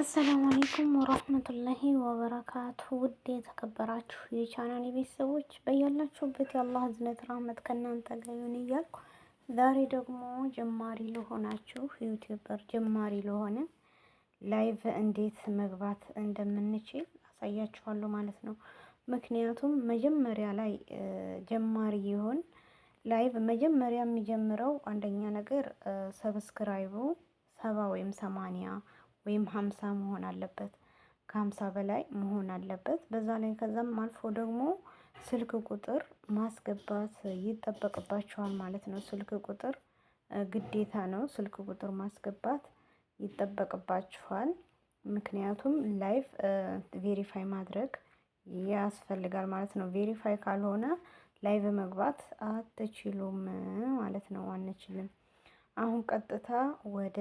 አሰላሙ አሌይኩም ወረህመቱላሂ ወበረካቱ። ውድ የተከበራችሁ የቻናል ቤተሰቦች በያላችሁበት የአላህ እዝነት ራህመት ከእናንተ ጋር ይሁን እያልኩ ዛሬ ደግሞ ጀማሪ ለሆናችሁ ዩቲዩበር ጀማሪ ለሆነ ላይቭ እንዴት መግባት እንደምንችል አሳያችኋለሁ ማለት ነው። ምክንያቱም መጀመሪያ ላይ ጀማሪ ይሆን ላይቭ መጀመሪያ የሚጀምረው አንደኛ ነገር ሰብስክራይቡ ሰባ ወይም ሰማንያ ወይም ሀምሳ መሆን አለበት ከሀምሳ በላይ መሆን አለበት። በዛ ላይ ከዛም አልፎ ደግሞ ስልክ ቁጥር ማስገባት ይጠበቅባቸዋል ማለት ነው። ስልክ ቁጥር ግዴታ ነው። ስልክ ቁጥር ማስገባት ይጠበቅባችኋል። ምክንያቱም ላይፍ ቬሪፋይ ማድረግ ያስፈልጋል ማለት ነው። ቬሪፋይ ካልሆነ ላይቭ መግባት አትችሉም ማለት ነው። አንችልም። አሁን ቀጥታ ወደ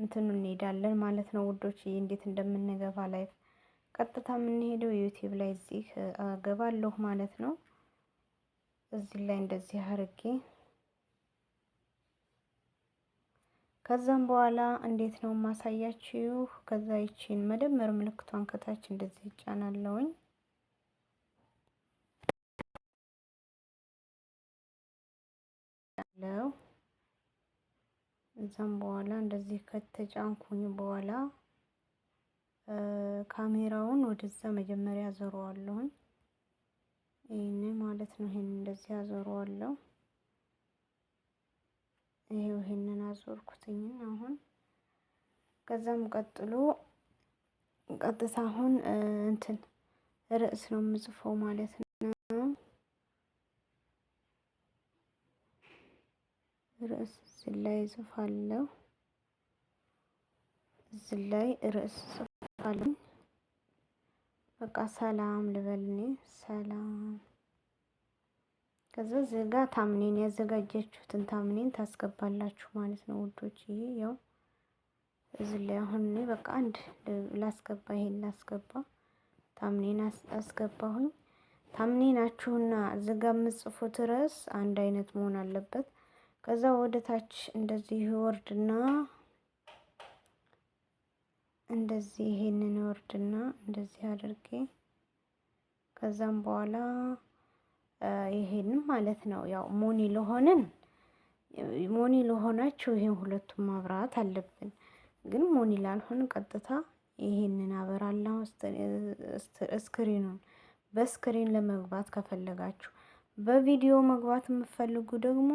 እንትኑ እንሄዳለን ማለት ነው ውዶች፣ እንዴት እንደምንገባ ላይፍ ቀጥታ የምንሄደው ዩቲዩብ ላይ እዚህ ገባለሁ ማለት ነው። እዚህ ላይ እንደዚህ አርጌ ከዛም በኋላ እንዴት ነው ማሳያችሁ። ከዛ ይቺን መደመር ምልክቷን ከታች እንደዚህ ይጫናለውኝ። እዛም በኋላ እንደዚህ ከተጫንኩኝ በኋላ ካሜራውን ወደዛ መጀመሪያ አዞረዋለሁኝ። ይህን ማለት ነው። ይሄን እንደዚህ አዞረዋለሁ። ይሄው ይሄንን አዞርኩትኝን አሁን ከዛም ቀጥሎ ቀጥታ አሁን እንትን ርዕስ ነው የምጽፈው ማለት ነው። ርዕስ እዚህ ላይ እጽፋለሁ። እዚ ላይ ርዕስ እጽፋለሁ። በቃ ሰላም ልበልኔ ሰላም። ከዛ ዝጋ ጋር ታምኔን ያዘጋጃችሁትን ታምኔን ታስገባላችሁ ማለት ነው ውዶች። ይሄ ያው እዚ ላይ አሁን እኔ በቃ አንድ ላስገባ ይሄን ላስገባ ታምኔን አስገባሁኝ። ታምኔናችሁና እዚህ ጋር የምጽፉት ርዕስ አንድ አይነት መሆን አለበት። ከዛ ወደ ታች እንደዚህ ይወርድና እንደዚህ ይሄንን ይወርድና እንደዚህ አድርጌ ከዛም በኋላ ይሄን ማለት ነው። ያው ሞኒ ለሆነን ሞኒ ለሆናችሁ ይሄን ሁለቱም ማብራት አለብን። ግን ሞኒ ላልሆን ቀጥታ ይሄንን አበራለሁ። ስክሪኑን በስክሪን ለመግባት ከፈለጋችሁ በቪዲዮ መግባት የምትፈልጉ ደግሞ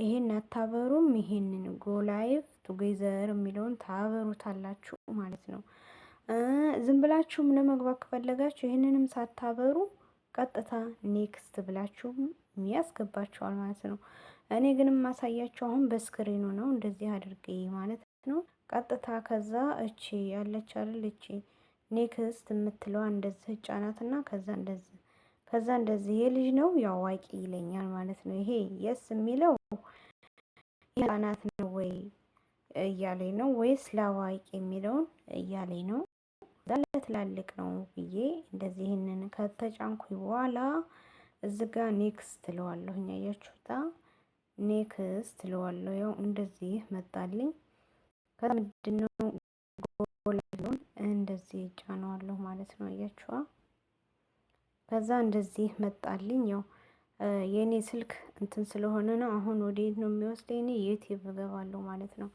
ይሄን አታበሩም፣ ይሄንን ላይቭ ቱጌዘር የሚለውን ታበሩታላችሁ ማለት ነው። ዝም ብላችሁም ለመግባት ከፈለጋችሁ ይህንንም ሳታበሩ ቀጥታ ኔክስት ብላችሁም ያስገባችኋል ማለት ነው። እኔ ግን ማሳያችሁ አሁን በስክሪኑ ነው እንደዚህ አድርጌ ማለት ነው። ቀጥታ ከዛ እቺ ያለች አይደል እቺ ኔክስት የምትለዋ እንደዚህ ጫናትና ከዛ እንደዚህ ከዛ እንደዚህ የልጅ ነው ያው አዋቂ ይለኛል ማለት ነው። ይሄ የስ የሚለው ህጻናት ነው ወይ እያለኝ ነው ወይስ ለአዋቂ የሚለውን እያለኝ ነው። ዛለ ትላልቅ ነው ብዬ እንደዚህ ይህንን ከተጫንኩ በኋላ እዚህ ጋ ኔክስት ትለዋለሁ። አያችሁታ ኔክስት ትለዋለሁ። ያው እንደዚህ መጣልኝ። ከዛ ምንድነው ጎላ እንደዚህ ጫነዋለሁ ማለት ነው። አያችኋ ከዛ እንደዚህ መጣልኝ። ያው የእኔ ስልክ እንትን ስለሆነ ነው። አሁን ወዴት ነው የሚወስደኝ? እኔ ዩቲዩብ እገባለሁ ማለት ነው።